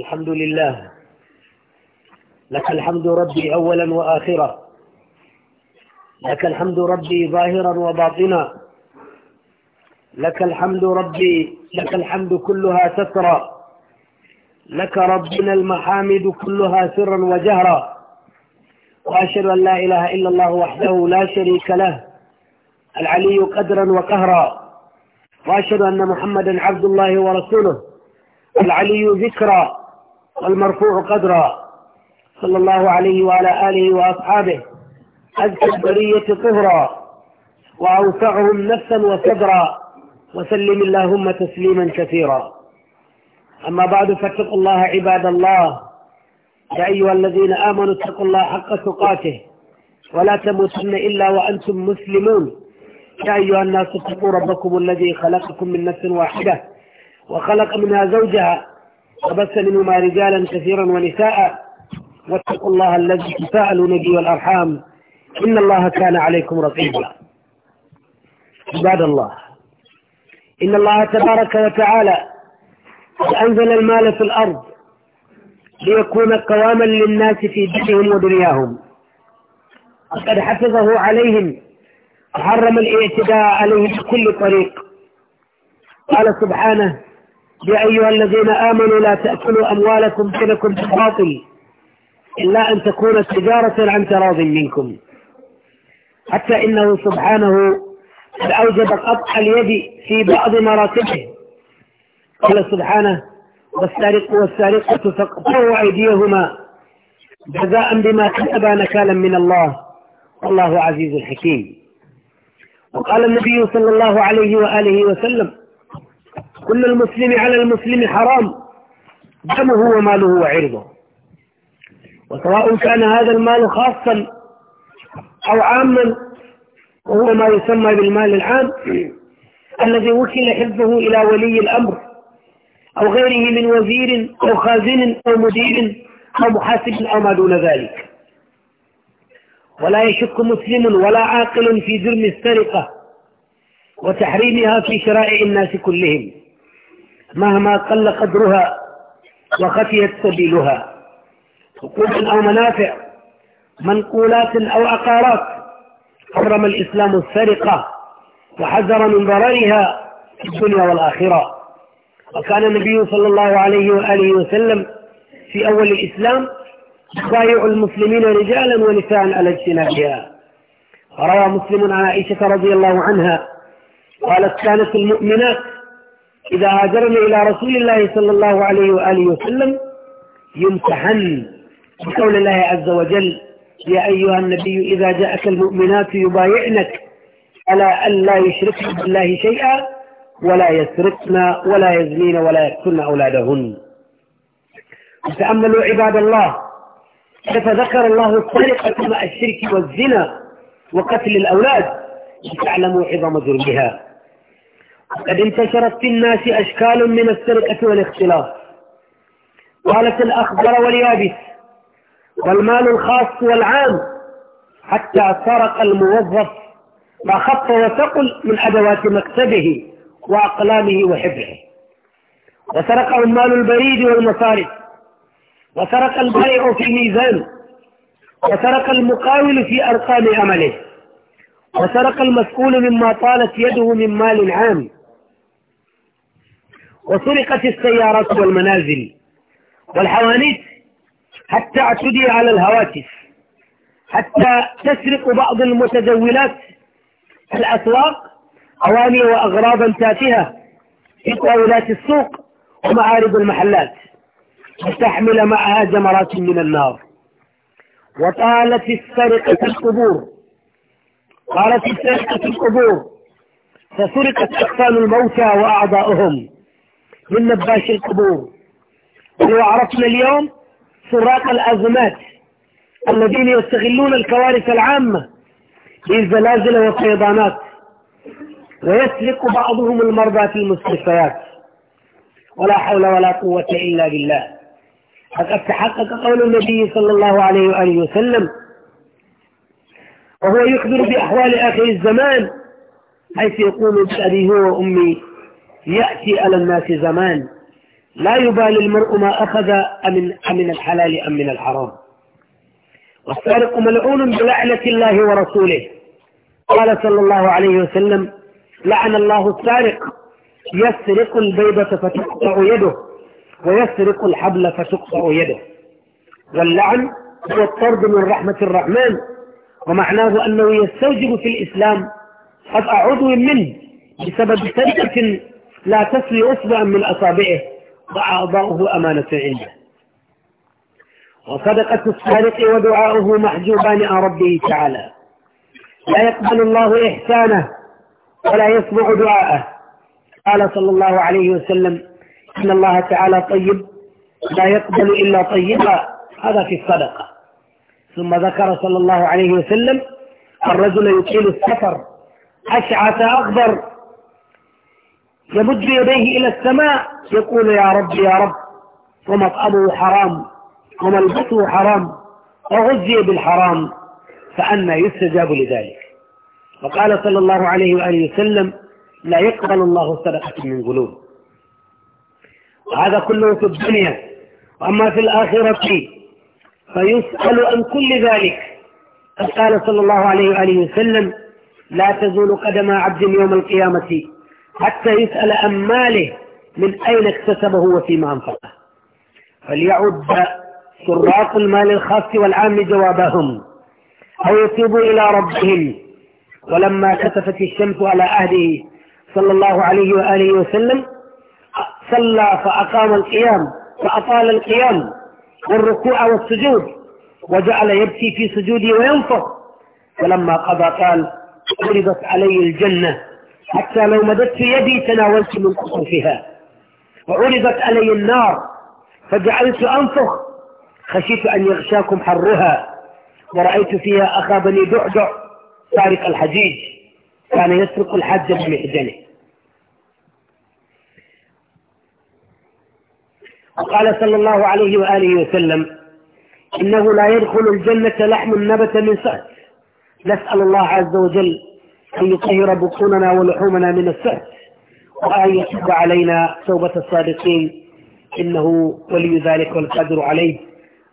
الحمد لله لك الحمد ربي أولا وآخرا لك الحمد ربي ظاهرا وباطنا لك الحمد ربي لك الحمد كلها سترا لك ربنا المحامد كلها سرا وجهرا وأشهد أن لا إله إلا الله وحده لا شريك له العلي قدرا وقهرا وأشهد أن محمدا عبد الله ورسوله العلي ذكرا والمرفوع قدرا صلى الله عليه وعلى آله وأصحابه أزكى البرية طهرا وأوسعهم نفسا وصدرا وسلم اللهم تسليما كثيرا أما بعد فاتقوا الله عباد الله يا أيها الذين آمنوا اتقوا الله حق تقاته ولا تموتن إلا وأنتم مسلمون يا أيها الناس اتقوا ربكم الذي خلقكم من نفس واحدة وخلق منها زوجها وبث منهما رجالا كثيرا ونساء واتقوا الله الذي تساءلون به والأرحام إن الله كان عليكم رقيبا عباد الله إن الله تبارك وتعالى أنزل المال في الأرض ليكون قواما للناس في دينهم ودنياهم وقد حفظه عليهم وحرم الاعتداء عليه بكل طريق قال سبحانه يا أيها الذين آمنوا لا تأكلوا أموالكم بينكم بالباطل إلا أن تكون تجارة عن تراض منكم حتى إنه سبحانه قد أوجب قطع اليد في بعض مراتبه قال سبحانه والسارق والسارقة فاقطعوا أيديهما جزاء بما كسبا نكالا من الله والله عزيز حكيم وقال النبي صلى الله عليه وآله وسلم كل المسلم على المسلم حرام دمه وماله وعرضه وسواء كان هذا المال خاصا أو عاما وهو ما يسمى بالمال العام الذي وكل حفظه إلى ولي الأمر أو غيره من وزير أو خازن أو مدير أو محاسب أو ما دون ذلك ولا يشك مسلم ولا عاقل في جرم السرقة وتحريمها في شرائع الناس كلهم مهما قل قدرها وخفيت سبيلها حقوق أو منافع منقولات أو عقارات حرم الإسلام السرقة وحذر من ضررها في الدنيا والآخرة وكان النبي صلى الله عليه وآله وسلم في أول الإسلام يبايع المسلمين رجالا ونساء على اجتنابها روى مسلم عن عائشة رضي الله عنها قالت كانت المؤمنات إذا هاجرنا إلى رسول الله صلى الله عليه وآله وسلم يمتحن بقول الله عز وجل يا أيها النبي إذا جاءك المؤمنات يبايعنك على أن لا يشركن بالله شيئا ولا يسرقن ولا يزنين ولا يقتلن أولادهن تأملوا عباد الله كيف ذكر الله السرقة مع الشرك والزنا وقتل الأولاد لتعلموا عظم جرمها قد انتشرت في الناس أشكال من السرقة والاختلاف قالت الأخضر واليابس والمال الخاص والعام حتى سرق الموظف ما خط وثقل من أدوات مكتبه وأقلامه وحبره وسرق عمال البريد والمصارف وسرق البائع في ميزان وسرق المقاول في أرقام عمله وسرق المسؤول مما طالت يده من مال عام وسرقت السيارات والمنازل والحوانيت حتى اعتدي على الهواتف حتى تسرق بعض المتزولات الأسواق أواني وأغراضا تافهة في طاولات السوق ومعارض المحلات وتحمل معها جمرات من النار وطالت السرقة القبور طالت السرقة القبور فسرقت اقفال الموتى وأعضاؤهم من نباش القبور ولو عرفنا اليوم سراق الأزمات الذين يستغلون الكوارث العامة للزلازل والفيضانات ويسلك بعضهم المرضى في المستشفيات ولا حول ولا قوة إلا بالله فقد تحقق قول النبي صلى الله عليه وآله وسلم وهو يخبر بأحوال آخر الزمان حيث يقول بأبي هو وأمي يأتي على الناس زمان لا يبالي المرء ما أخذ أمن, أمن الحلال أم من الحرام والسارق ملعون بلعنة الله ورسوله قال صلى الله عليه وسلم لعن الله السارق يسرق البيضة فتقطع يده ويسرق الحبل فتقطع يده واللعن هو الطرد من رحمة الرحمن ومعناه أنه يستوجب في الإسلام قطع عضو منه بسبب سرقة لا تسري أصبع من أصابعه ضع أعضاؤه أمانة عنده وصدقة السارق ودعاؤه محجوبان عن ربه تعالى لا يقبل الله إحسانه ولا يسمع دعاءه قال صلى الله عليه وسلم إن الله تعالى طيب لا يقبل إلا طيبا هذا في الصدقة ثم ذكر صلى الله عليه وسلم الرجل يطيل السفر أشعث أخضر يمد يديه إلى السماء يقول يا رب يا رب ومطعمه حرام وملبسه حرام وغذي بالحرام فانى يستجاب لذلك وقال صلى الله عليه وآله وسلم لا يقبل الله صدقة من قلوب وهذا كله في الدنيا وأما في الآخرة فيسأل عن كل ذلك قال صلى الله عليه وآله وسلم لا تزول قدم عبد يوم القيامة حتى يسأل عن ماله من أين اكتسبه وفيما أنفقه فليعد سراق المال الخاص والعام جوابهم أو يتوبوا إلى ربهم ولما كسفت الشمس على عهده صلى الله عليه وآله وسلم صلى فأقام القيام فأطال القيام والركوع والسجود وجعل يبكي في سجوده وينفق ولما قضى قال عرضت علي الجنة حتى لو مددت يدي تناولت من قطوفها وعرضت علي النار فجعلت أنفخ خشيت أن يغشاكم حرها ورأيت فيها أخا بني دعدع تارك الحجيج كان يسرق الحج بمحجنه وقال صلى الله عليه وآله وسلم إنه لا يدخل الجنة لحم نبت من سأت نسأل الله عز وجل أن يطهر بطوننا ولحومنا من السهل وأن يتوب علينا توبة الصادقين إنه ولي ذلك والقدر عليه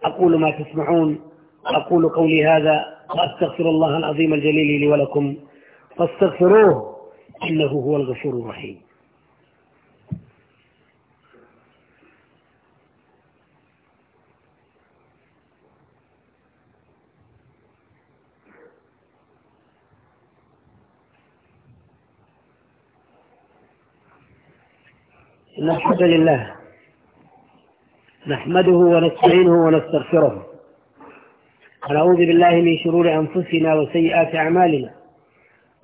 أقول ما تسمعون أقول قولي هذا وأستغفر الله العظيم الجليل لي ولكم فاستغفروه إنه هو الغفور الرحيم إن الحمد لله نحمده ونستعينه ونستغفره ونعوذ بالله من شرور أنفسنا وسيئات أعمالنا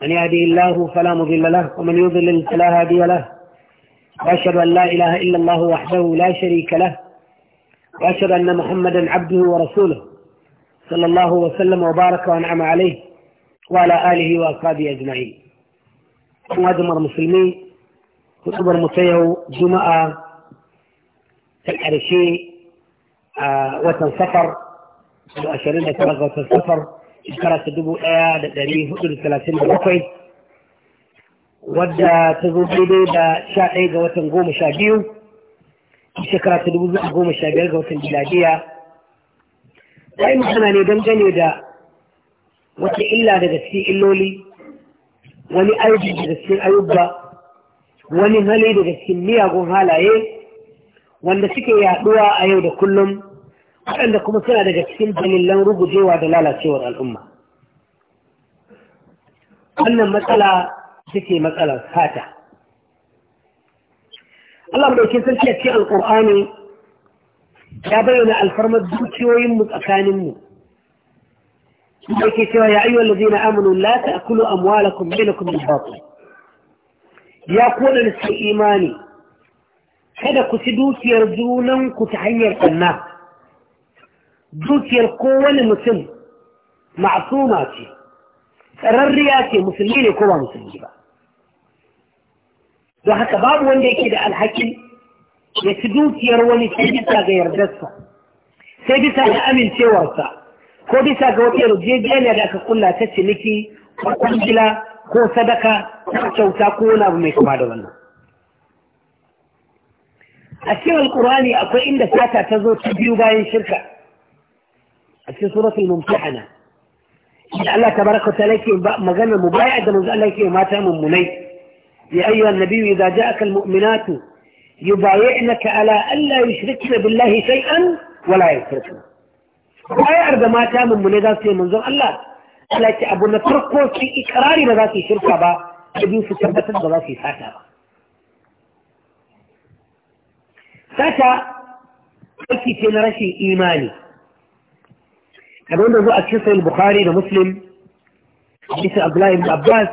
من يهدي الله فلا مضل له ومن يضلل فلا هادي له وأشهد أن لا إله إلا الله وحده لا شريك له وأشهد أن محمدا عبده ورسوله صلى الله وسلم وبارك وأنعم عليه وعلى آله وأصحابه أجمعين معظم المسلمين hutubar mu ta yau juma'a ta ƙarshe a watan safar da ashirin da tara ga watan safar shekara ta dubu ɗaya da ɗari hudu da talatin da bakwai wadda ta zo daidai da sha ɗaya ga watan goma sha biyu shekara ta dubu zuwa goma sha biyar ga watan jiladiya ta yi magana ne dangane da wata illa daga cikin illoli wani aiki daga cikin ayyuka wani hali daga cikin miyagun halaye wanda suke yaduwa a yau da kullum waɗanda kuma suna daga cikin dalilan rugujewa da lalacewar al'umma wannan matsala take matsalar fata Allah madaukin sarki a cikin alƙur'ani ya bayyana alfarmar dukiyoyin mu tsakanin mu yake cewa ya ayyuhal ladina amanu la ta'kulu amwalakum bainakum bil batil ya kone da imani kada ku ci dukiyar junanku ta hanyar ƙanna dukiyar kowane mutum ma'asuma ce tsararriya ce musulmi ne ko ba musulmi ba don haka babu wanda yake da alhakin ya ci dukiyar wani sai bisa ga yardarsa sai bisa ga amincewarsa ko bisa ga wata yarjejeniya da aka kulla ta ciniki ko kwangila ko sadaka ta kyauta ko wani mai kuma da wannan a cewar ƙurani akwai inda sata ta zo ta biyu bayan shirka a cikin suratul mumtahana in Allah tabaraka ta laike magana mu baya da manzo Allah yake mata mummunai ya ayyuha annabiyyu idza ja'aka almu'minatu yubayyinaka ala alla yushrikna billahi shay'an wala yushrikna ko ayar da mata mummunai za su ce manzo Allah لكن أبو نصر في إقراري بذاتي شركة با جديو في تربت بذاتي ساتا با ساتا في تنرشي إيماني أبو نزو أكسر البخاري ومسلم حديث عبد الله بن عباس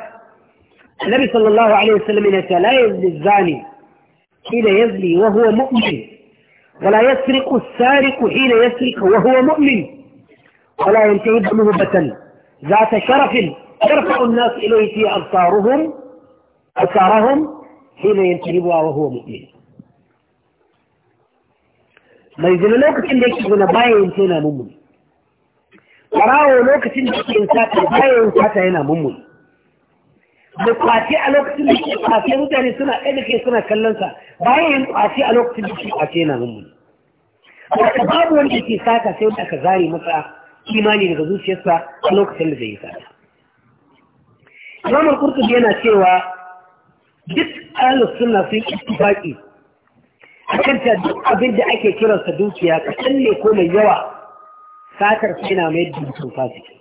النبي صلى الله عليه وسلم إنه لا يزلي الزاني حين يزلي وهو مؤمن ولا يسرق السارق حين يسرق وهو مؤمن ولا ينتهي منه بطل ذات شرف يرفع الناس إليه في أبصارهم أبصارهم حين ينتهبها وهو مؤمن mai zina lokacin da yake zina baya yin yana mummuni ƙarawo lokacin da yake sata baya yin sata yana mummuni da kwace a lokacin da yake kwace mutane suna ɗaɗake suna kallonsa baya yin kwace a lokacin da yana wata babu wanda sata sai wanda aka zare masa imani daga zuciyarsa a lokacin da zai yi sata imamul Kurtub yana cewa duk Alif suna sun ittifaqi akan ta duk abin da ake kiransa dukiya kasanne ne ko mai yawa satar sai na mai dukkan fasiki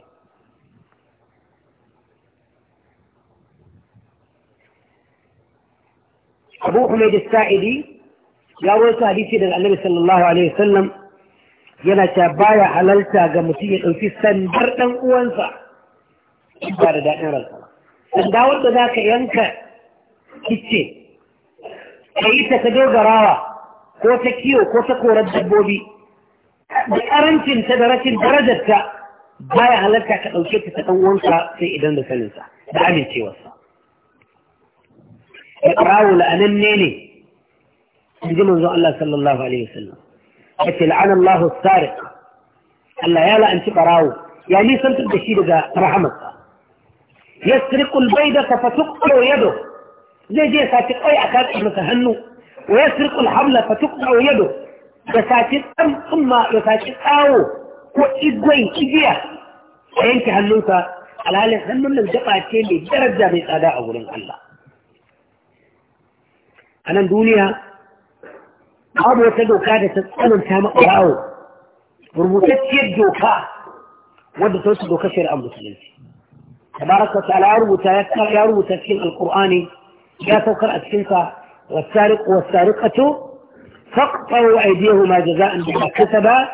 abu humaid sa'idi ya rawaito hadisi daga annabi sallallahu alaihi wasallam yana ta baya halalta ga mutum ya ɗauki sandar ɗan uwansa ba da daɗin ransa sanda wanda za ka yanka kicce ka yi ta ka dogarawa ko ta kiwo ko ta korar dabbobi da ƙarancinta da rashin darajarta baya halarta ka ɗauke ta ta ɗan uwansa sai idan da saninsa da amincewarsa ya ƙarawo la'ananne ne in ji manzo Allah sallallahu alaihi wasallam حيث لعن الله السارق لا انت براو يعني سنت الدشير ذا رحمك يسرق البيضة فتقطع يده زي زي ساتق اي اكاد ابن ويسرق الحبل فتقطع يده يساتق ام ثم يساتق او وإذن إجيا وإنك هنوك على هالي هنو من الجقع التالي درجة بإقاداء أولين الله أنا الدنيا قبل تدوكا تتقل الكامة أو ربطت يدوكا ودتوسدو كشير أم بسلم تبارك وتعالى ربطة يكتر يا ربطة في القرآن يا توقر أتكلفة والسارق والسارقة فاقطعوا أيديهما جزاء بما كتبا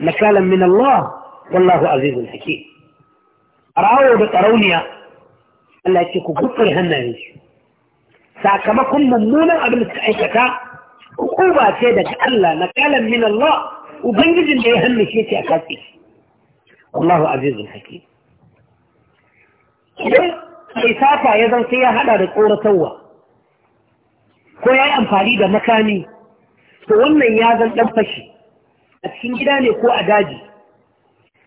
نكالا من الله والله عزيز الحكيم رأوا بطرونيا التي يتكو قطر هنالي ساكما كن ممونا قبل التأيككا hukuma ce daga Allah na kalan min Allah ubangijin da ya hannace ce a kafi Allahu azizul hakim idan mai sata ya zan sai ya hada da tsoratarwa ko ya yi amfani da makami to wannan ya zan dan fashi a cikin gida ne ko a daji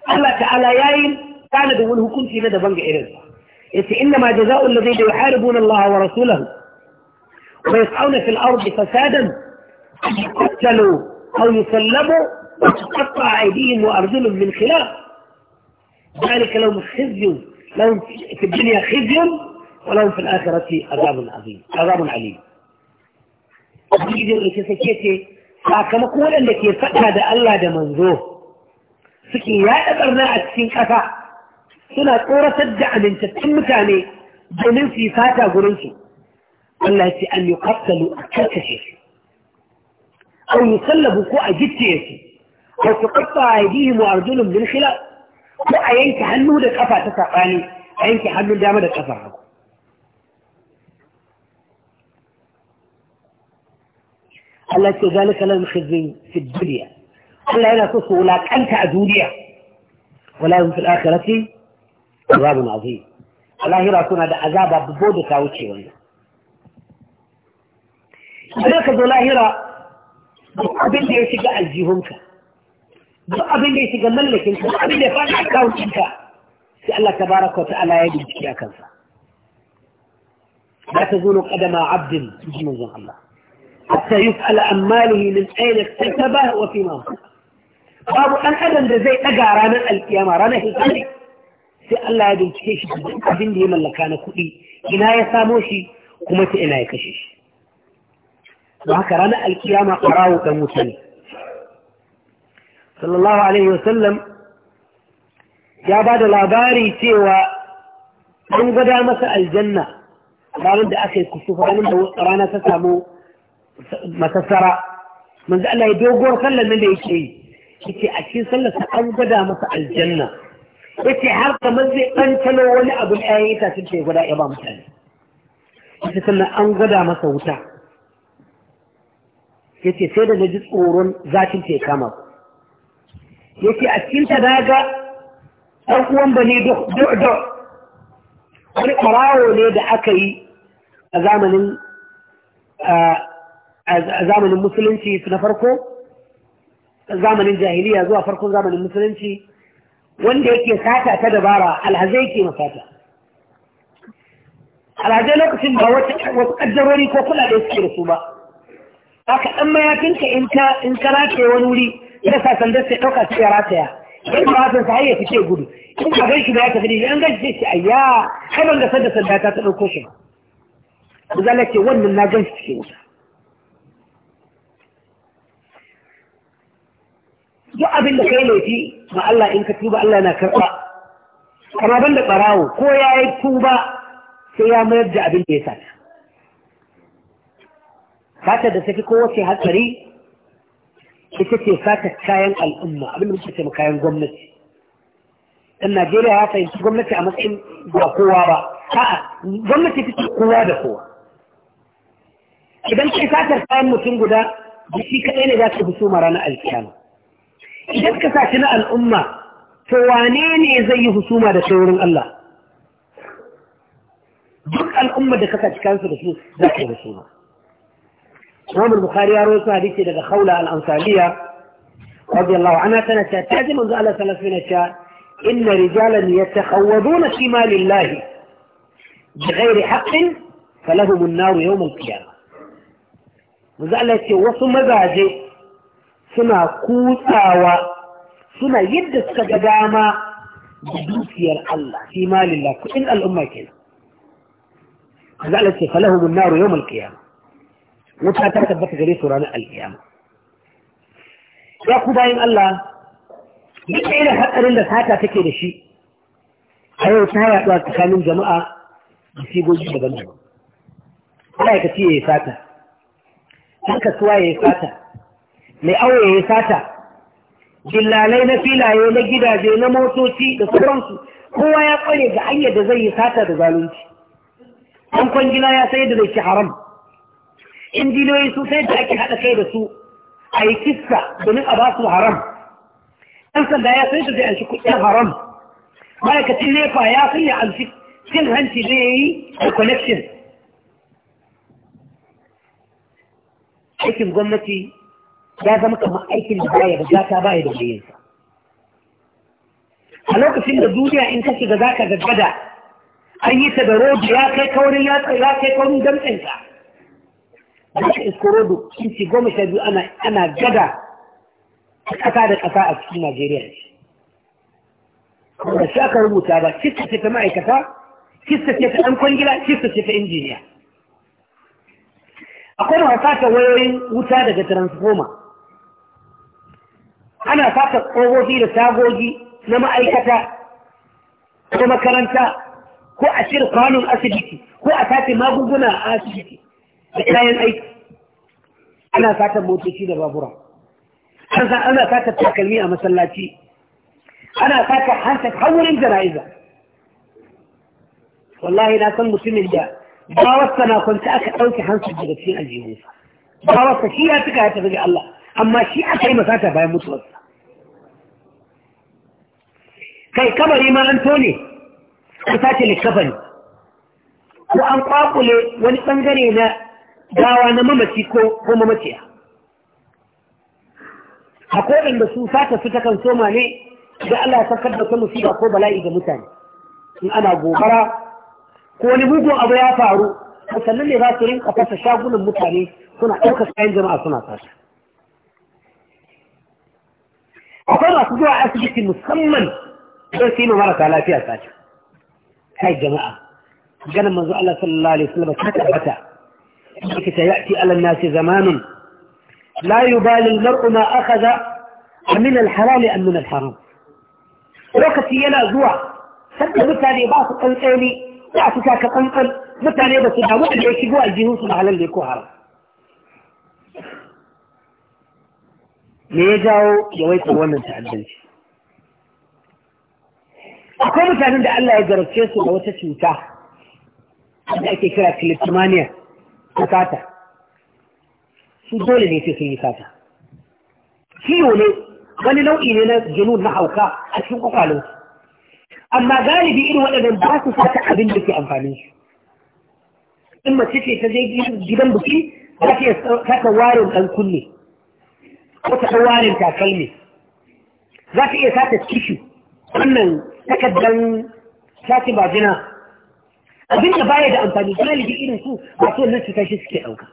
Allah ta'ala ya yi tana da wani hukunci na daban ga irinsa yace inna ma jaza'u alladhina yuharibuna Allah wa rasulahu ويسعون في الأرض فسادا ان يقتلوا أو يسلموا وتقطع أيديهم وأرجلهم من خلاف ذلك لهم خزي لهم في الدنيا خزي ولهم في الآخرة عذاب عظيم عذاب عليم أبيدر كسكيتي التي فأكاد الله دا منذوه سكي يا أبرنا أكسين كفا سنة أورا سجع من تتم تاني جنن في أن يقتلوا أكاكسي أو يصلبوا كوع أجدت يسي أو تقطع أيديهم وأرجلهم من خلال كو ينك حنو دا كفا تساقاني ينك حنو داما دا كفا الله ذلك لهم خزي في الدنيا الله لا تصوا لك أنت أدوليا ولا في الآخرة عذاب عظيم الله يراكونا دا عذاب ببودك أو شيء ولا إذا كذو يرى أبين أن تجا قدم عبد الله حتى يفعل أماله من أين اكتسبه وفي هو بابو أن أدن دزي أقارا من القيامة رانه الثاني سأل الله يدي كيش أبين لي ملكان كوي إنا يساموشي قمت إنا don haka ranar alkiyama ƙarawo ɗan mutane. sallallahu alaihi wasallam ya ba da labari cewa an gwada masa aljanna ranar da aka yi kusufa ranar da rana ta samu masassara manzo Allah ya dogowar sallar nan da yake yi yace a cikin sallar sa an gwada masa aljanna yace har kamar zai ɗantalo wani abu na ya yi tashin ta ya gwada ya ba mutane yace sannan an gwada masa wuta yace sai da naji tsoron zafin ta kama yace a cikin ta daga dan uwan bane do do wani ƙarawo ne da aka yi a zamanin a zamanin musulunci na farko zamanin jahiliya zuwa farkon zamanin musulunci wanda yake sata ta dabara alhazai ke masata alhazai lokacin ba wasu ƙaddarori ko kula da suke da su ba haka ɗan mayafinka in ka in ka rataye wani wuri ya sa sandar sai ɗauka sai ya rataya in ba san sa ya fice gudu in ka gaishi shi ka ya tafi da in gan shi sai ayya kai ban ga sanda sanda ta ɗauko shi ba zalla ce wannan na gan shi cikin wuta duk abin da kai laifi ma Allah in ka tuba Allah na karɓa kamar banda da ɓarawo ko ya yi tuba sai ya mayar da abin da ya sata fatar da take kowace hatsari ita ce fatar kayan al'umma abin da muke mu kayan gwamnati ɗan najeriya ya fahimci gwamnati a matsayin ba kowa ba a'a gwamnati take kowa da kowa idan kai fatar kayan mutum guda jiki kaɗai ne za ka fi suma ranar alkiyama idan ka saci na al'umma to wane ne zai yi husuma da saurin Allah duk al'umma da ka saci kansu da su za ka yi husuma امام البخاري يروي حديث ده خولة الأنصارية رضي الله عنها كانت تاتي من ذا ثلاث من الشاء إن رجالا يتخوضون في مال الله بغير حق فلهم النار يوم القيامة وزعل يتي وصو مزاجي سنا كوتاوا سنا يدس كدداما بدوسي الله في مال الله كل الأمة كلا وزعل يتي فلهم النار يوم القيامة wuta ta tabbata gare su ranar alkiyama ya ku bayan Allah duk irin hatsarin da sata take da shi a yau ta yaɗuwa tsakanin jama'a da sigogi daban-daban ma'aikaci ya yi sata ɗan kasuwa ya yi sata mai awo ya yi sata jillalai na filaye na gidaje na motoci da sauransu kowa ya kware ga hanyar da zai yi sata da zalunci ɗan kwangila ya sayar da zai haram injiniyoyi su sai da ake haɗa kai da su a yi kissa domin a ba su haram ɗan sanda ya sai da zai an shi kuɗin haram ma'aikacin nefa ya sai ya an shi cin hanci zai yi a connection aikin gwamnati ya zama kamar aikin da baya da gata baya da bayansa a lokacin da duniya in ka shiga za ka gaggada an yi ta da rodi ya kai kaurin ya kai kaurin damtsinka da ka sun inci goma sha biyu ana gada a ƙasa da ƙasa a cikin najeriya da shi rubuta ba kista ce ta ma'aikata kista ce ta ɗan kwangila kista ce ta injiniya akwai na wasata wayoyin wuta daga transformer ana fata ƙofofi da tagogi na ma'aikata ko makaranta ko a shirin kwanon asibiti ko a sace magunguna a asibiti da kayan aiki ana satan motoci da babura ana satan takalmi a masallaci ana satan hanta haurin jana'iza wallahi na san mutumin da bawarsa na kwanci aka ɗauke hansu daga cikin aljihunsa bawarsa shi ya tuka ya tafi ga Allah amma shi aka yi masata bayan mutuwarsa kai kabari ma an tone an sace likkafa ko an kwakule wani bangare na gawa na mamaci ko ko a koɗin da su sata su takan soma ne da Allah ya sakar da kuma musiba ko bala'i ga mutane in ana gobara ko wani mugu abu ya faru sannan ne za su rinka fasa shagunan mutane suna ɗaukar kayan jama'a suna sata akwai masu zuwa asibiti musamman don su yi ma marasa lafiya sata kai jama'a ganin manzo Allah sallallahu alaihi wasallam ta tabbata لذلك سيأتي على الناس زمان لا يبالي المرء ما أخذ من الحلال أم من الحرام وقت يلا زوع سبت مثالي بعض قنقيني وعطتا كقنقل مثالي بس لا وعد يشبوا الجنوس على اللي كوهر ميجاو يويت ومن تعدلش أقول مثالي عند الله يجرب شيء سوى وتسوى تاه أنا أتكرا كليبتمانيا ko sata su dole ne sai sun yi sata ciwo ne wani nau'i ne na jinun na hauka a cikin kwakwalon amma galibi irin waɗannan ba su sata abin da ke amfani su in mace ce ta je gidan buki za ta iya warin ɗan kunne ko ta warin takalmi za ta iya sata tishu wannan takaddan sati bajina abin da baya da amfani galibi irin su masu wannan cutar shi suke ɗauka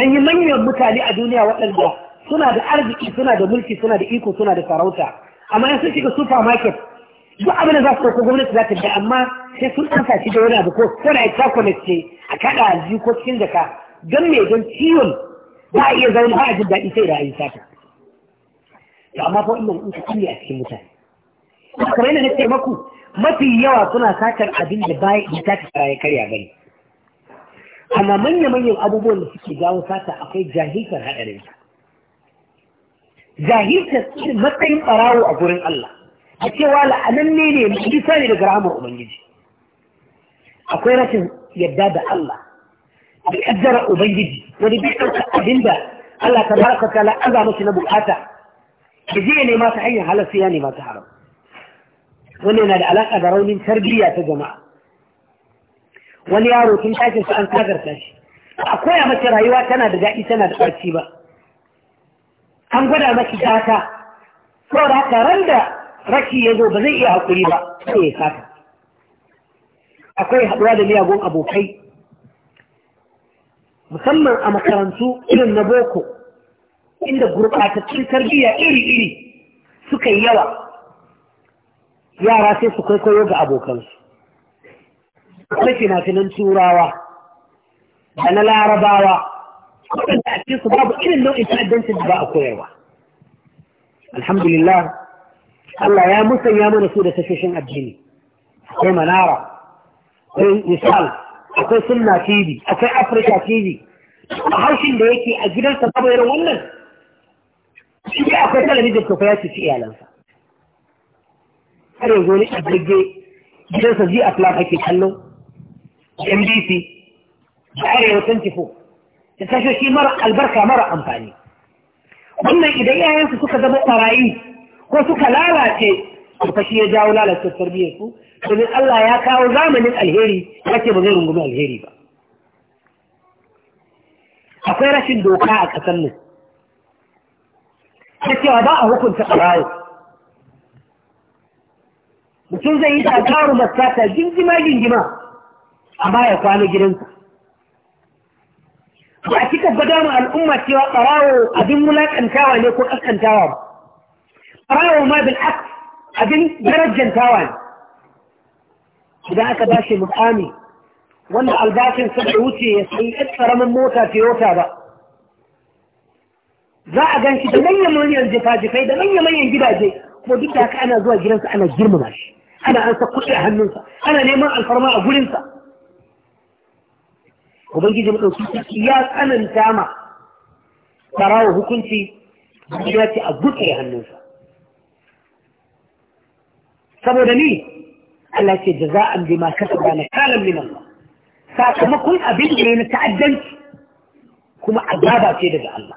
an yi manyan mutane a duniya waɗanda suna da arziki suna da mulki suna da iko suna da sarauta amma yan sun shiga supermarket duk abin da za su ɗauka gwamnati za ta da amma sai sun ɗansa shi da wani abu ko suna ya ta ce a kaɗa aljihu cikin jaka don mai don ciwon ba a iya zaune ba a jin daɗi sai da a sata to amma fa wannan in ka kulle a cikin mutane kamar yadda na ce maku mafi yawa suna satar abin da baya ya ta kara ya karya bane amma manya-manyan abubuwan da suke jawo sata akwai jahilkar haɗarin sa jahilkar matsayin ɓarawo a gurin Allah a cewa la'ananne ne mai nisa ne daga rahamar Ubangiji akwai rashin yadda da Allah da ƙaddara Ubangiji wani bi ɗauka abin da Allah ta baraka ta la'aza mashi na bukata da je ya nema ta hanyar halar sai ya nema ta haram wani yana da alaƙa da raunin tarbiyya ta jama'a wani yaro tun tashin su an kagarta shi a koya mace rayuwa tana da daɗi tana da barci ba an gwada maki gata saboda haka ran da raki ya zo ba zai iya haƙuri ba sai ya akwai haɗuwa da miyagun abokai musamman a makarantu irin na boko inda gurɓatattun tarbiyya iri-iri suka yi yawa yara sai su kwaikwayo ga abokansu akwai fina-finan turawa da na larabawa waɗanda a cikinsu babu irin nau'in ta'addancin da ba a koyarwa alhamdulillah Allah ya musanya mana su da tashoshin addini akwai manara akwai misal akwai sunna tv akwai afirka tv a harshen da yake a gidansa babu irin wannan shi akwai talabijin kafa ya ci iyalansa kare zo a jirge gidan ji a plan ake kallo mbc da arewa 24 da shi mara albarka mara amfani wannan idan yayansu suka zama tarayi ko suka lalace shi ya jawo lalace tarbiyyar su domin Allah ya kawo zamanin alheri ya ce ba zai rungumi alheri ba akwai rashin doka a ƙasar nan ta cewa ba a hukunta ɓarayi mutum zai yi ta takaru masata jinjima jinjima a baya kwana gidansa ba a cika gada mu al'umma cewa ɓarawo abin mulakantawa ne ko ƙasƙantawa ba ɓarawo ma bin ak abin darajantawa ne idan aka ba shi mutane wanda albashin sa da wuce ya sayi ɗan ƙaramin mota toyota ba za a gan shi da manyan manyan jifa-jifai da manyan manyan gidaje ko duk da haka ana zuwa gidansa ana girmama shi أنا أنسى كل أهل ننسى أنا ليه ما أعرف ما أقول أنسى وبنجي جمع نصوص السياس أنا نتامة تراه كنت بجياتي أبوك يا أهل ننسى سبب لي ألا جزاء بما كتب أنا كالا من الله ساكما كل أبين لين تعدنت كما عذابا في الله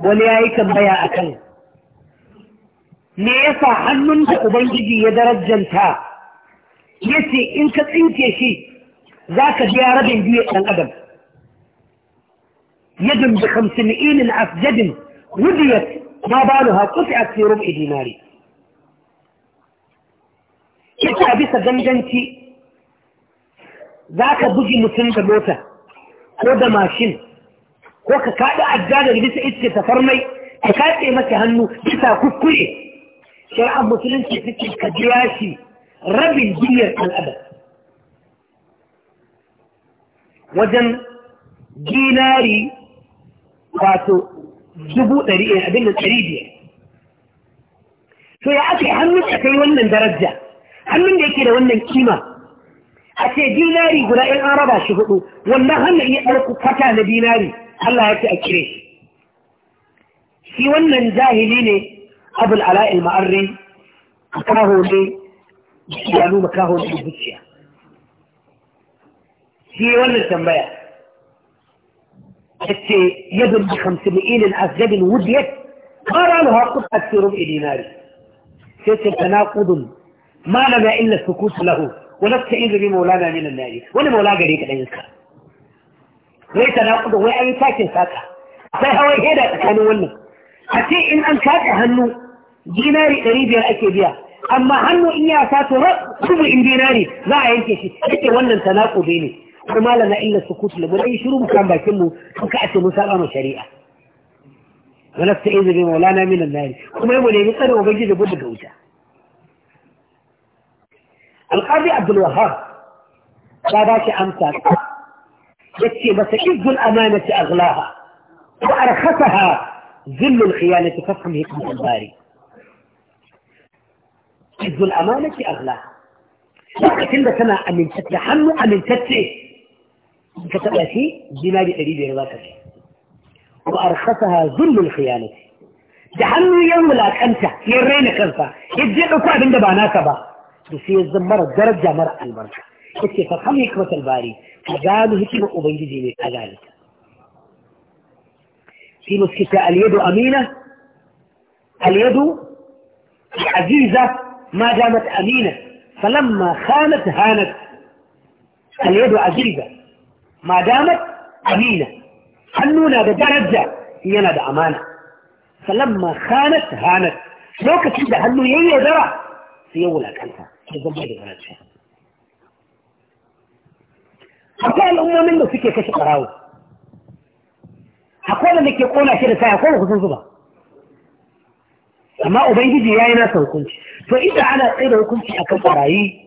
وليا وليايكا بيا أكلم me yasa hannun da ubangiji ya darajanta yace in ka tsinke shi za ka biya rabin biyu ɗan adam yadin da kamsin ilin asjadin wudiyat ma balu ha kusa a tsirun dinari ita bisa ganganci za ka bugi mutum da mota ko da mashin ko ka kaɗi adda da bisa iske tafarmai ka kaɗe masa hannu bisa kuskure shari'ar musulunci take ka biya shi rabin jiyar al'adar wajen dinari wato dubu ɗari eh, abin da ɗari biyar to ya ake hannun ka kai wannan daraja hannun da yake da wannan kima a ce dinari guda in an raba shi hudu wannan hannun iya ɗauku kwata na dinari Allah ya ce a kire shi wannan jahili ne أبو العلاء المأري مكاهو لي يعني مكاهو لي بسيا في ولا تنبيا حتى يد الخمس مئين الأسجد الودية قال لها قد أكثر بإديناري سيس التناقض ما لنا إلا السكوت له ونستعيذ بمولانا من النار ولمولا قريك لينك ويتناقض ويأي تاكي ساكا سيها ويهيدا كانوا ولا حتى إن أنكاك هنو dinari ɗari biyar ake biya amma hannu in ya sato rubu in dinari za a yanke shi yake wannan tanaƙube ne kuma malam na illa sukutu da mun yi shiru mu kan bakin mu kuka a ce mun saba ma shari'a wala ta izu bi maulana min an nari kuma mu nemi tsare ubangiji gudu da wuta alqadi abdul wahhab ya ba shi amsa yace masa izul amanati aghlaha wa arkhasaha zillul khiyanati fafham hikmat al-bari حفظ الأمانة أغلى لكن ده كان أمنتك لحنه أمنتك كتبها شيء جناب قريب رضاك وأرخصها ذل الخيانة جحنه يوم لا كنت يرين كنفا يجي أصاب عند باناك با يصير الزمرة درجة مرأة البركة كتب فخم يكوة الباري فقالوا هكما أبيد جيني أغالي في مسكتة اليد أمينة اليد عزيزة ما دامت أمينة فلما خانت هانت اليد عجيبة ما دامت أمينة حنونا بدرجة ينا بأمانة أمانة فلما خانت هانت لو كتبت حنو يي درع في أول أكلها بدرجة akwai al'ummomin da suke kashe ƙarawo akwai يقول لك ƙona shi da amma ubangiji ya yi nasa hukunci to idan ana tsaye hukunci a kan barayi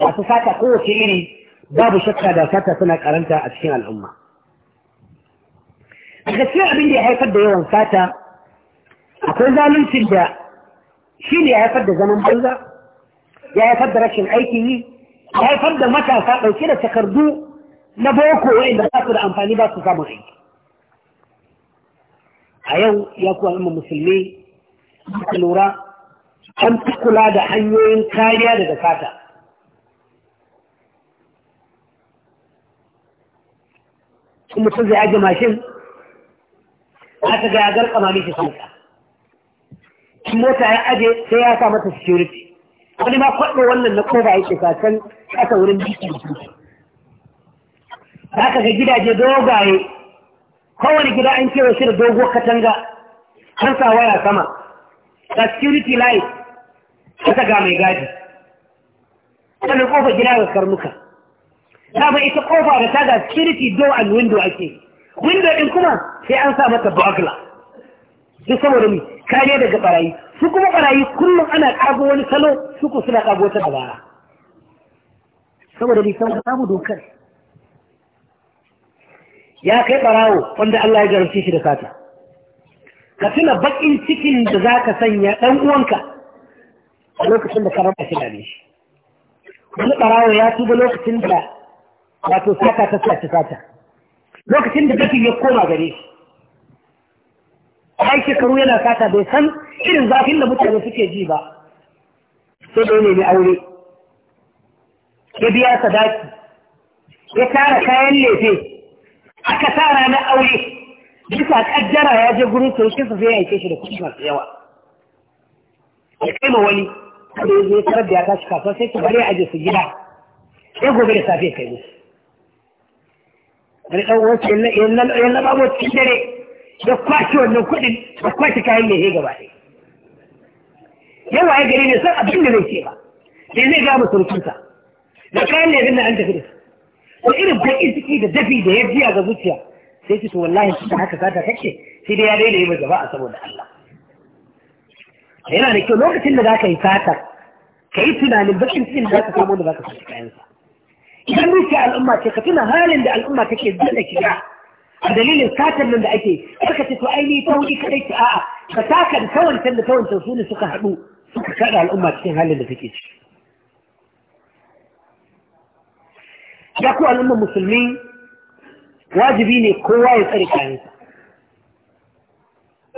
masu sata kowace iri babu shakka da sata suna karanta a cikin al'umma a gaske abin da ya haifar da yawan sata akwai zalunci da shi ne ya haifar da zaman banza ya haifar da rashin aikin yi ya haifar da matasa ɗauke da takardu na boko wa'inda ba su da amfani ba su samun aiki a yau ya kuwa musulmi suka lura an fi kula da hanyoyin kariya daga fata in mutum zai ajiye mashin aka ga ya garkama mishi sauka in mota ya aje sai ya sa mata security wani ma kwaɗo wannan na koba yake sakan ƙasa wurin biki da suke aka ga gidaje dogaye kowane gida an kewa shi da dogo katanga har sa waya sama ga security light ta ga mai gadi sannan kofar gida ga karnuka ba ita kofa da ta ga security door and window ake window din kuma sai an sa mata bugla duk saboda ka kariya daga barayi su kuma barayi kullum ana kago wani salo su ku suna kago ta dabara saboda mi ta samu dokar ya kai barawo wanda Allah ya garanti shi da sata ka tuna bakin cikin da za ka sanya ɗan uwanka a lokacin da ka shi da shi wani ɓarawo ya tuba lokacin da wato sata ta ta sata lokacin da dafi ya koma gare shi ai shekaru yana sata bai san irin zafin da mutane suke ji ba sai dai ne aure ya biya sadaki ya tara kayan lefe aka tara na aure bisa kaddara ya je gurin saukinsa sai ya aike shi da kuɗi masu yawa ya kai ma wani da ya zai tarar da ya tashi kasuwa sai ki bari ajiye su gida ya gobe da safe kai musu wani ɗan wasu ya laba mu cikin dare da kwashe wannan kuɗin da kwashe kayan mai gaba ɗaya yawa ya gari ne san abin da zai ce ba sai zai ga masarautunsa da kayan ne zai na an tafi da su da irin baƙin ciki da dafi da ya biya ga zuciya sai su wallahi shi da haka sata kake shi da ya daina yi gaba saboda Allah yana da kyau lokacin da zaka yi fata ka yi tunanin bakin cikin da zaka samu da zaka sata kayansa idan dukiya al'umma ce ka tuna halin da al'umma take da shiga a dalilin satar nan da ake suka ce to ainihi ta wuri kadai ki a'a ka taka da tawancan da tawancan su ne suka haɗu suka kaɗa al'umma cikin halin da take ciki ya ku al'umma musulmi wajibi ne kowa ya tsare kayansa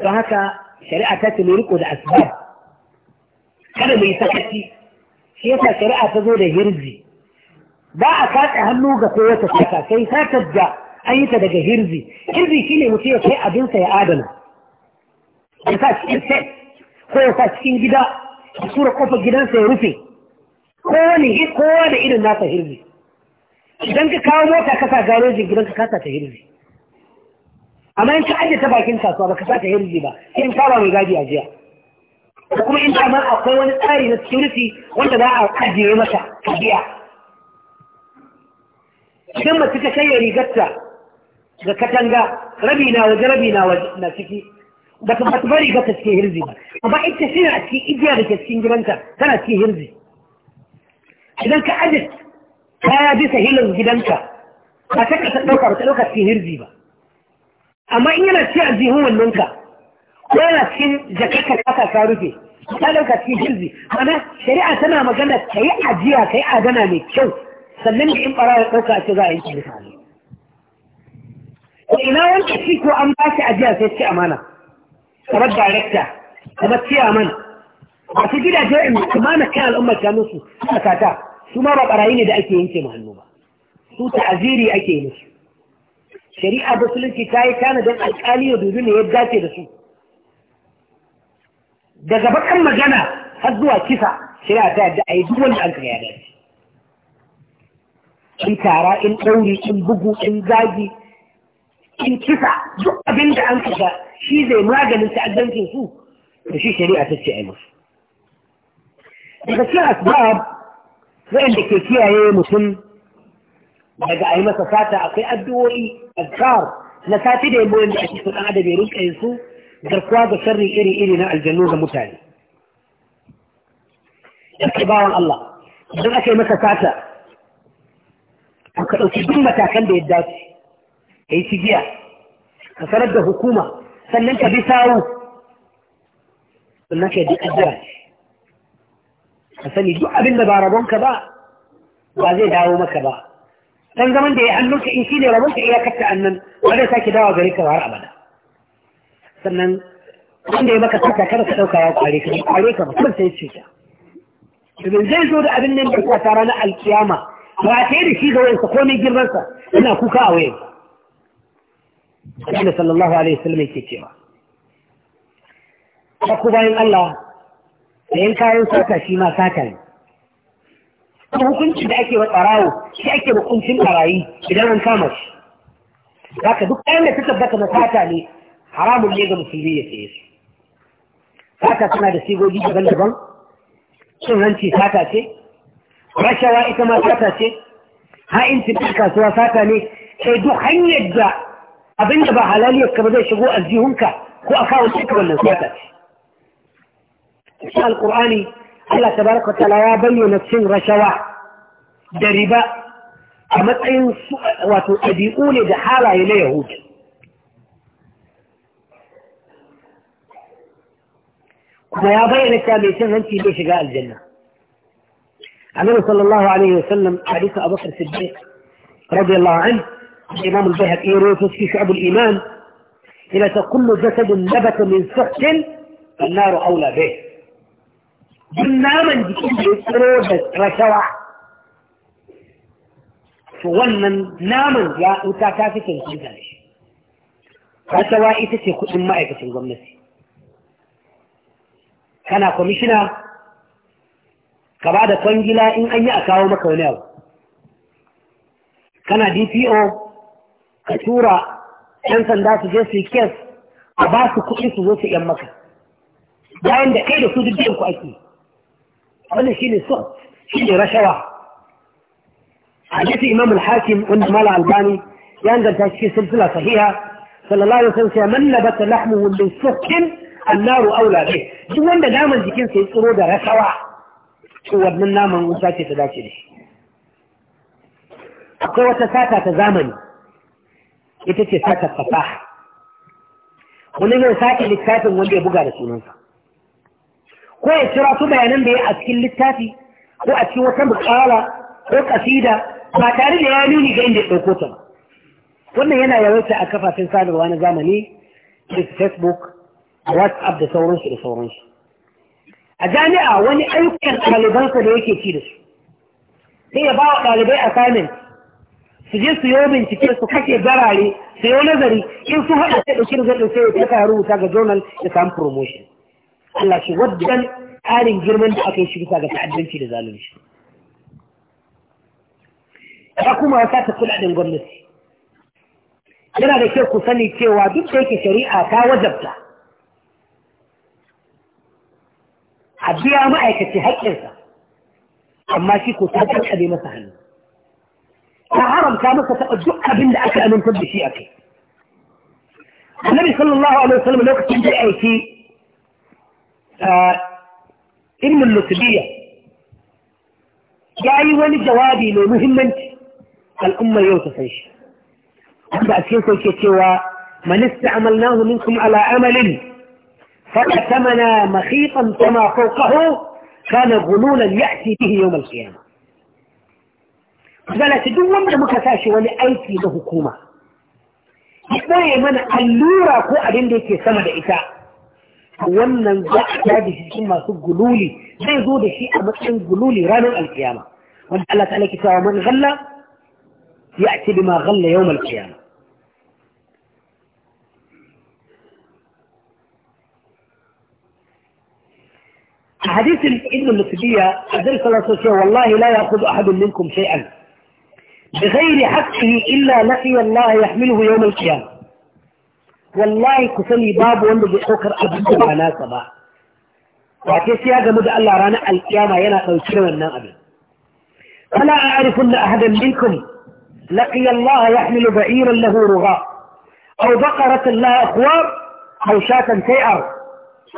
don haka shari'a ta ce mai riko da asibar kada mai sakaci shi yasa shari'a ta zo da hirzi ba a kaɗa hannu ga kowace sata sai satar da an yi ta daga hirzi hirzi shine mutum ya kai abinsa ya adana ya sa cikin set ko ya sa cikin gida ya tura kofar gidansa ya rufe kowane kowa da irin nasa hirzi idan ka kawo mota ka sa garojin gidan ka kasa ta hirji amma in ka aje ta bakin kasuwa ba ka sa ta hirji ba in kawo mai gadi a jiya da kuma in dama akwai wani tsari na security wanda za a ajiye mata ka biya idan mace ta kai rigarta ga katanga rabi na waje rabi na waje na ciki ba ta fata bari ga ta cikin hirzi ba amma ita shi a cikin igiya da ke cikin gidanta tana cikin hirzi idan ka aje kaya bisa hilin gidanka ba ta ka ɗauka ba ta ɗauka cikin hirji ba amma in yana ci jihun wannan wannanka ko yana cikin jakarka kasa ka rufe ta ɗauka cikin hirji mana shari'a tana magana ka yi ajiya ka yi adana mai kyau sannan da in ɓara ya ɗauka a ce za a yanke hali. ko ina wanda shi ko an ba shi ajiya sai ce amana kamar darekta kamar ciyaman su gidaje in na kai al'ummar ta su kata su ma ba barayi ne da ake yanke mu hannu ba su ta'aziri ake yi musu shari'a musulunci ta yi tanadin alƙali ya dubi ne ya dace da su daga bakan magana har zuwa kisa shari'a ta yadda a yi duk wani an kaga ya dace in tara in ɗauri in bugu in zagi in kisa duk abin da an kaga shi zai maganin ta'addancin su da shi shari'a ta ce a yi musu daga cikin asbab wa'anda ke kiyaye mutum daga a yi masa sata akwai addu'o'i a azkar na sati da yamma da ake su ɗan adabe ya rinka su garkuwa ga sharri iri iri na aljanu ga mutane yake bawan Allah idan aka yi masa sata ka ɗauki duk matakan da ya dace ka yi cigiya ka sanar da hukuma sannan ka bi sawu sannan ka yi duk addu'a ka sani duk abin da ba rabonka ba ba zai dawo maka ba dan zaman da ya hannunka in shine rabonka iya katta annan ba zai sake dawo gare ka har abada sannan wanda ya maka sata kada ka dauka ya kware ka kware ka ba kan sai cuta domin zai zo da abin nan da ka tara na alkiyama ba ta yi da shi ga wayansa ko ne girmansa ina kuka a wayansa Allah sallallahu alaihi wasallam yake cewa ku bayan Allah sayan kayan sata shi ma sata ne kuma hukunci da ake wa tsarawo shi ake hukuncin barayi idan an kama shi za ka duk ɗayan da ta tabbata na sata ne haramun ne ga musulmi ya saye su sata suna da sigogi daban-daban cin hanci sata ce rashawa ita ma sata ce ha'inci ta kasuwa sata ne sai duk hanyar da abin da ba halaliyar ka ba zai shigo aljihunka ko a kawo cikin wannan sata ce القرآن القرآني الله تبارك وتعالى بين سن رشوة دربة أمتعين وتؤديون دحالة إلى يهود ويا بين التابعين أنت ليش قال الجنة عمله صلى الله عليه وسلم حديث أبو بكر الصديق رضي الله عنه الإمام البيهقي يروي في شعب الإيمان إذا تقل جسد نبت من سقط فالنار أولى به duk naman jikin da ya tsoro da rashawa to wannan naman ya wuta ta fi cancanta da shi rashawa ita ce kuɗin ma'aikacin gwamnati kana kwamishina ka ba da kwangila in an yi a kawo maka wani abu kana dpo ka tura 'yan sanda su je su yi kes a ba su kuɗi su zo su yan maka bayan da kai da su duk ku ake أولي كيلي صغ كيلي رشوة حاجة إمام الحاكم وإن مال عالباني ينزل تشكي سلسلة صحيحة صلى الله عليه وسلم من لبت لحمه من صغ النار أولى به جوان دائما جيكين سيسروا دا رشوة هو ابن النام ومساكي تداشي لي أقوى تساتة تزامن إتتي ساتة فتاح ونجل ساتة لكتاتم وندي أبوغا رسولنا ko ya kira su bayanan da ya a cikin littafi ko a cikin wata bukala ko kasida ba tare da ya nuni ga inda ya ɗauko ta ba wannan yana yawaita a kafafen sadarwa na zamani facebook whatsapp da sauransu da sauransu a jami'a wani aikin ɗalibansa da yake ci da su sai ya ba wa ɗalibai assignment su je su yi bincike su kake garare su yi nazari in su haɗa sai ɗauki da zai ɗauke ya ta rubuta ga journal ya samu promotion الله شو ودن هذه جرمن أكيد شو بيساعد تعدين في ذلك ليش؟ أقوم أساسا كل عدن قرنسي أنا ذاك يوم كسرني كيو عدوك شيء شريعة كوزبتة عبيا ما أيك تهكرت أما شيء كسرت أبي مثلا كعرب كانوا كتأجوا أبين لأكل أنهم تبدي شيء أكيد النبي صلى الله عليه وسلم لو كنت أيكي ilmin musuliya ya yi wani jawabi mai muhimmanci al'ummar yau ta san shi wanda a cikin sauke cewa manista amalnahu minkum ala amalin فأتمنا مخيطا كما فوقه كان غلولا يأتي به يوم القيامة قالت دون وانا مكتاشي وانا أيتي له حكومة يقول من اللورة كو أبين ديكي سمد إتاء wannan za a jaji cikin masu gululi zai zo da shi a matsayin gululi ranar alkiyama wanda Allah ta'ala ke cewa man ghalla ya'ti bima ghalla yawm alkiyama حديث ابن اللقبية النبي صلى الله عليه وسلم والله لا يأخذ أحد منكم شيئا بغير حقه إلا لقي الله يحمله يوم القيامة wallahi ku sani babu wanda bai ɗaukar abin da ba nasa ba wace sai ya gamu da Allah ranar alƙiyama yana ɗauki da wannan abin ala a arifun na ahadan minkum laqiya Allah yahmilu ba'iran lahu rugha aw baqaratan la akhwar aw shatan tayar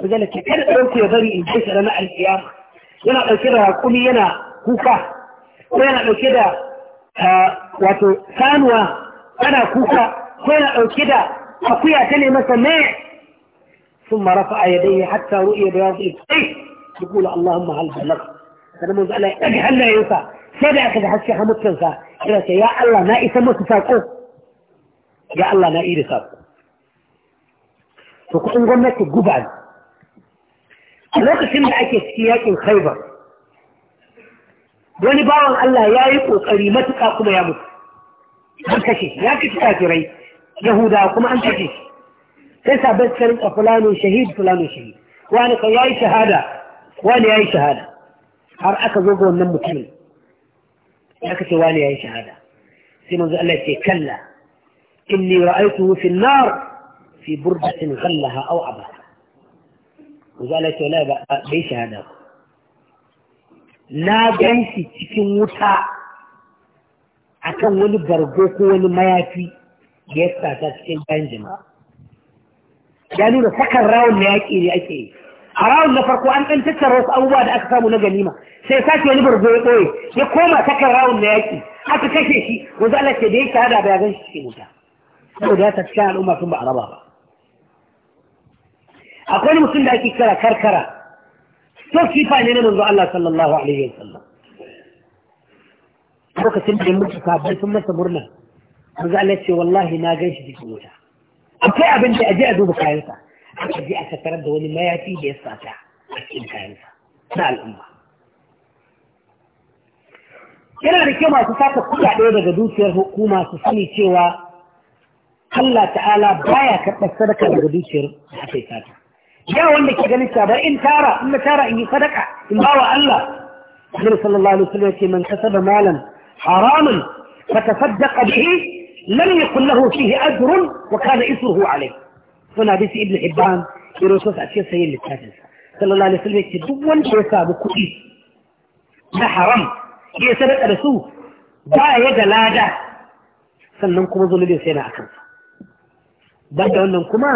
kaga ne kada ɗan ku ya bari in ji ranar alƙiyama yana ɗauke da hakuri yana kuka ko yana ɗauke da wato sanuwa ana kuka ko yana ɗauke da أخويا كلمة ماء ثم رفع يديه حتى رؤي بياض إيه يقول اللهم هل بلغت أنا منذ ألا أجهل لا ينفع سابع كده حسي حمد تنفع يا الله ما إسمه تساقه يا الله ما إيه تساقه فكون gwamnati gubal a lokacin da ake cikin yakin khaibar wani bawan Allah ya يا مصر matuƙa kuma ya mutu an yahuda kuma an kashe shi sai sabai suka rinka fulano shahid fulano shahid wani kan yayi shahada wani yayi shahada har aka zo ga wannan mutumin aka ce wani yayi shahada sai manzo Allah ya ce kalla inni ra'aytuhu fi an-nar fi burdatin ghallaha aw abaha manzo Allah ya ce la ba bai shahada na gan cikin wuta akan wani bargo ko wani mayafi da ta cikin kayan jama'a ya nuna sakan rawun na yaƙi ne ake yi a rawun na farko an ɗan tattara wasu abubuwa da aka samu na ganima sai sake wani barzo ya ɓoye ya koma sakan rawun na yaƙi aka kashe shi wanzu Allah ce da ya shahada da ya gan shi cikin wuta saboda ya tafi al'umma sun ba a raba ba akwai wani mutum da ake kira karkara to kifa ne na manzo Allah sallallahu alaihi wa sallam lokacin da ya mutu sabai sun masa murna قالت لي والله ما جيت بقوتها أنت يا بنتي أجي أدوب خالفة أجي أتترد وأني ما يأتي لي الصاجع أكيد خالفة مع الأمة كنا نكي ما تساك كل عدوية جدوس يا حكومة تسمي شوى الله تعالى بايا كتبسرك لجدوس يا حكي ساجع يا وانك جاني سابا إن تارا إن تارا اني صدقة إن باوى الله النبي صلى الله عليه وسلم من كسب مالا حراما فتصدق به لم يكن له فيه أجر وكان إثره عليه هنا بس ابن حبان يروسوس أشياء سيئة للتاجن صلى الله عليه وسلم يكتب ya يساب كئيس na haram ya sadaka da su ba ya da lada sannan kuma zunubin sai na akansa ba da wannan kuma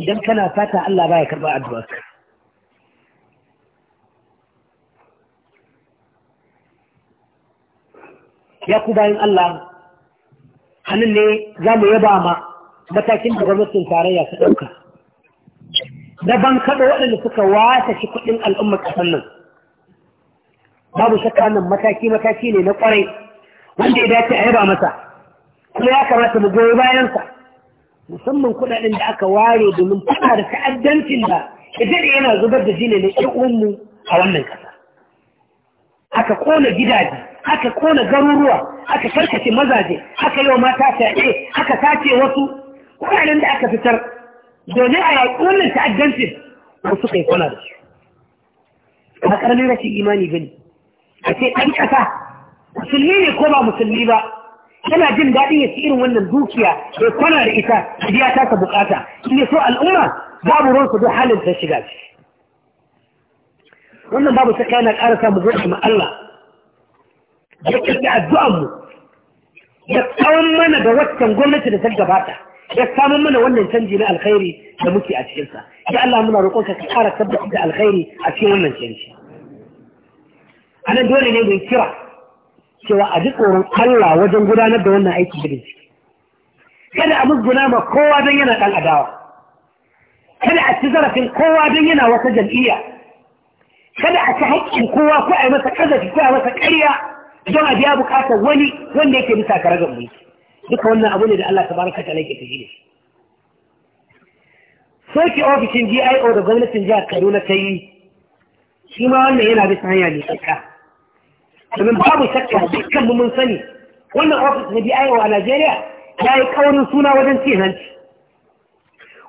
idan kana fata Allah ba ya karɓa addu'arka ya ku bayan Allah hannun ne za mu yaba ma matakin da gwamnatin tarayya su ɗauka Daban ban kaɗa waɗanda suka wata shi kuɗin al'umma ƙasar nan babu shakka nan mataki-mataki ne na ƙwarai wanda ya dace a yaba masa kuma ya kamata mu goyi bayansa musamman kuɗaɗen da aka ware domin faɗa da ta'addancin da idan yana zubar da jini ne ƙi'unmu a wannan ƙasa aka kona gidaje aka kona garuruwa aka karkace mazaje aka yi wa mata fyaɗe aka sace wasu kuɗaɗen da aka fitar domin a yaƙi wannan wasu kai kwana da shi. ba ƙaramin rashin imani ba ne a ce ɗan ƙasa musulmi ne ko ba musulmi ba yana jin daɗin ya ci irin wannan dukiya da kwana da ita biya ta sa bukata in ya so al'umma babu ruwansu duk halin ta shiga shi wannan babu ta yana ƙara samu gode ma Allah ya karɓi addu'an mu ya tsawon mana da waccan gwamnati da ta gabata ya samun mana wannan canji na alkhairi da muke a cikinsa ya Allah muna roƙonka ka kara tabbatar da alkhairi a cikin wannan canji a nan dole ne mai kira cewa a ji tsoron Allah wajen gudanar da wannan aiki da ciki. kada a musguna ma kowa don yana ɗan adawa kada a ci zarafin kowa don yana wata jam'iyya kada a ci haƙƙin kowa ko a yi masa ƙazafi ko a masa ƙarya don a biya bukata wani wanda yake bisa karagar mulki duka wannan abu ne da Allah tabaraka ta lake tafi da shi soke ofishin GIO da gwamnatin jihar Kaduna ta yi shi ma wannan yana bisa hanya ne tsaka domin babu shakka dukkan mun sani wannan ofis na GIO a Najeriya ya yi kaurin suna wajen cin hanci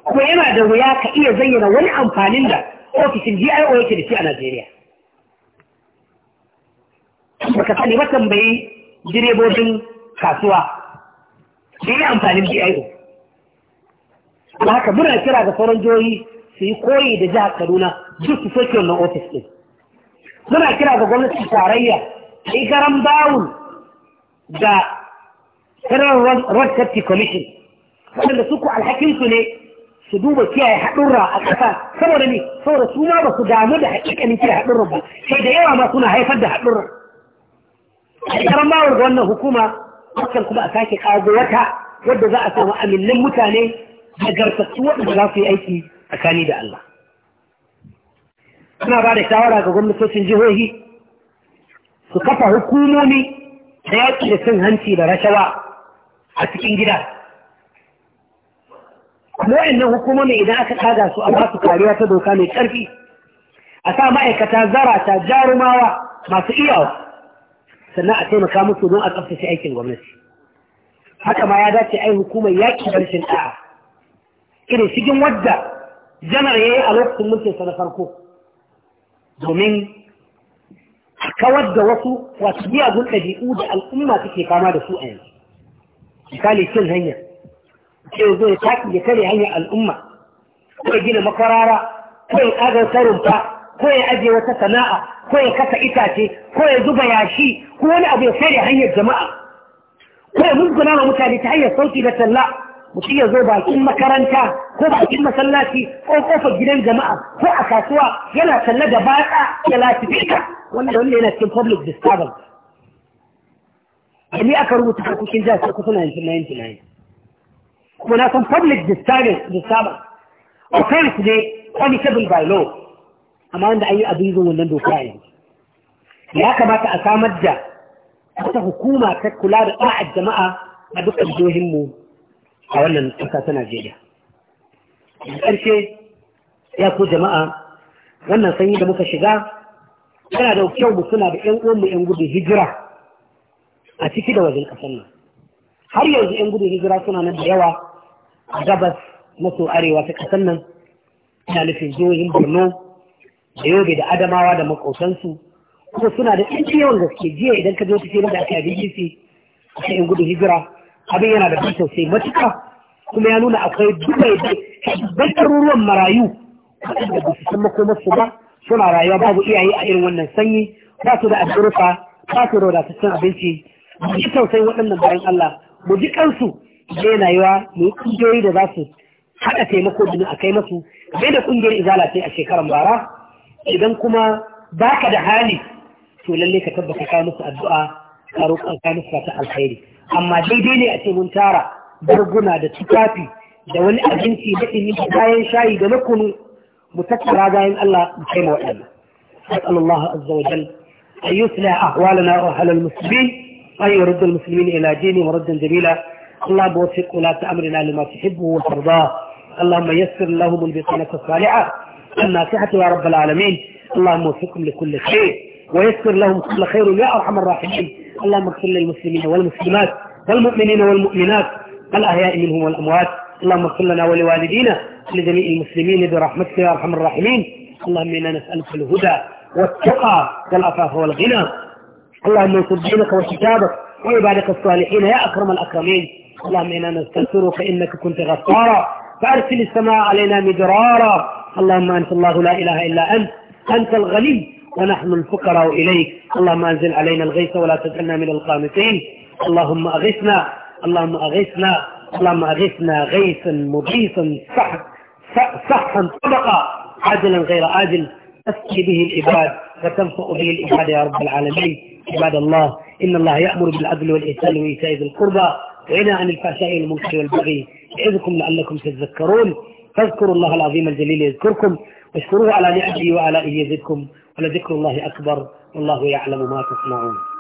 kuma yana da wuya ka iya zayyana wani amfanin da ofishin GIO yake da shi a Najeriya baka sani ba tambayi direbobin kasuwa da ne amfanin GIO. Ba haka muna kira ga sauran jihohi su yi koyi da jihar Kaduna duk su soke wannan ofis ɗin. Muna kira ga gwamnatin tarayya ta yi garan bawul da Federal Road Safety Commission waɗanda ku alhakinsu ne su duba kiyaye haɗurra a ƙasa saboda ne saboda su ma ba su damu da haƙiƙanin kiyaye haɗurra ba sai da yawa ma suna haifar da haɗurra. a karan bawar ga wannan hukuma hakan kuma a sake kago wata wadda za a samu amillin mutane nagartattu waɗanda za su yi aiki tsakani da Allah suna ba da shawara ga gwamnatocin jihohi su kafa hukumomi da yaƙi da cin hanci da rashawa a cikin gida kuma hukuma hukumomi idan aka kaga su a ba su kariya ta doka mai ƙarfi a sa ma'aikata zarata jarumawa masu iyawa sannan a taimaka musu don a tsaftace aikin gwamnati haka ma ya dace ai hukumar yaƙi da rashin ɗa'a irin cikin wadda janar ya yi a lokacin sa na farko domin kawar da wasu wasu miyagun ɗabi'u da al'umma suke fama da su a yanzu misali cin hanya ce zo ya taki ya kare hanyar al'umma ko ya gina makarara ko ya ƙagar sarumfa ko ya ajiye wata sana'a ko ya kasa itace ko ya zuba yashi ko wani abu ya fere hanyar jama'a ko ya musguna ma mutane ta hanyar sauki da talla mutum ya zo bakin makaranta ko bakin masallaci ko kofar gidan jama'a ko a kasuwa yana talla da batsa ya latifika wanda wanda yana cikin public disturbance Ni aka rubuta cikin jihar suna yin 1999 kuma na san public disturbance disturbance authority ne seven by law amma wanda an yi abin yin wannan doka a ya kamata a samar da wata hukuma ta kula da ɗa'ad jama'a a dukkan jihohinmu a wannan ƙasa ta Najeriya. Da ƙarshe ya ku jama'a wannan sanyi da muka shiga yana da kyau mu suna da ƴan uwanmu ƴan gudun hijira a ciki da wajen ƙasar nan. Har yanzu ƴan gudun hijira suna nan da yawa a gabas maso arewa ta ƙasar nan. Ina nufin jihohin Borno, da yobe da adamawa da makosansu kuma suna da ɗan yawan gaske jiya idan ka zo ka ce da aka yi bgc a cikin gudun hijira abin yana da ban sosai matuka kuma ya nuna akwai dubai da ɗaruruwan marayu waɗanda ba su san makomarsu ba suna rayuwa babu iyaye a irin wannan sanyi ba su da alburka ba su da wadatattun abinci mu ji tausayin waɗannan bayan Allah mu ji kansu yana yiwa mu yi ƙungiyoyi da za su haɗa taimako domin a kai masu bai da ƙungiyar izala ce a shekaran bara idan kuma baka da hali to lalle ka tabbata ka musu addu'a ka roƙa ka musu ta alkhairi amma daidai ne a ce mun tara barguna da tufafi da wani abinci da ɗumi da kayan shayi da na kunu mu tattara bayan Allah mu kai ma waɗannan أسأل الله عز وجل أن يصلح أحوالنا وأهل المسلمين yana يرد المسلمين إلى دينهم ردا جميلا amrina وفق ولاة أمرنا لما تحبه وترضاه اللهم يسر لهم البطانة الصالحة الناصحة يا رب العالمين اللهم وفقهم لكل خير ويسر لهم كل خير يا أرحم الراحمين اللهم اغفر للمسلمين والمسلمات والمؤمنين والمؤمنات الأحياء منهم والأموات اللهم اغفر لنا ولوالدينا ولجميع المسلمين برحمتك يا أرحم الراحمين اللهم إنا نسألك الهدى والتقى والعفاف والغنى اللهم انصر دينك وكتابك وعبادك الصالحين يا أكرم الأكرمين اللهم إنا نستغفرك إنك كنت غفارا فأرسل السماء علينا مدرارا اللهم أنت الله لا إله إلا أنت أنت الغني ونحن الفقراء إليك اللهم أنزل علينا الغيث ولا تجعلنا من القانتين اللهم أغثنا اللهم أغثنا اللهم أغثنا غيثا مغيثا صحا طبقا عاجلا غير عاجل تسقي به العباد وتنفق به العباد يا رب العالمين عباد الله إن الله يأمر بالعدل والإحسان وإيتاء ذي القربى وينهى عن الفحشاء والمنكر والبغي يعظكم لعلكم تذكرون فاذكروا الله العظيم الجليل يذكركم واشكروه على نعمه وعلائه يزدكم ولذكر الله أكبر والله يعلم ما تصنعون